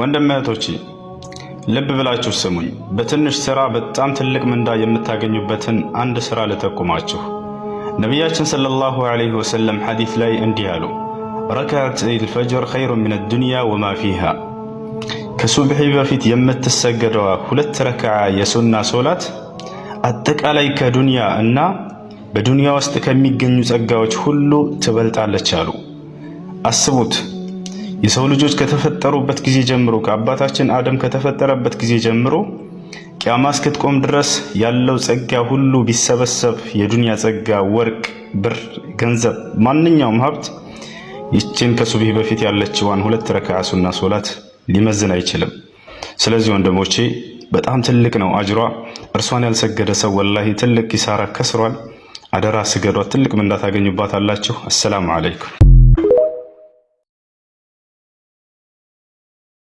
ወንድም እህቶቼ ልብ ብላችሁ ስሙኝ። በትንሽ ስራ በጣም ትልቅ ምንዳ የምታገኙበትን አንድ ስራ ልጠቁማችሁ። ነቢያችን ሰለላሁ ዐለይሂ ወሰለም ሐዲት ላይ እንዲህ አሉ፣ ረከዓት ልፈጅር ኸይሩ ምን ዱንያ ወማ ፊሃ። ከሱብሒ በፊት የምትሰገደዋ ሁለት ረከዓ የሱና ሶላት አጠቃላይ ከዱንያ እና በዱንያ ውስጥ ከሚገኙ ጸጋዎች ሁሉ ትበልጣለች አሉ። አስቡት። የሰው ልጆች ከተፈጠሩበት ጊዜ ጀምሮ ከአባታችን አደም ከተፈጠረበት ጊዜ ጀምሮ ቂያማ እስክትቆም ድረስ ያለው ጸጋ ሁሉ ቢሰበሰብ የዱንያ ጸጋ፣ ወርቅ፣ ብር፣ ገንዘብ፣ ማንኛውም ሀብት ይችን ከሱብህ በፊት ያለችዋን ሁለት ረካ ሱና ሶላት ሊመዝን አይችልም። ስለዚህ ወንድሞቼ በጣም ትልቅ ነው አጅሯ። እርሷን ያልሰገደ ሰው ወላሂ ትልቅ ኪሳራ ከስሯል። አደራ ስገዷት ትልቅ ምንዳ ታገኙባታላችሁ። አሰላሙ አለይኩም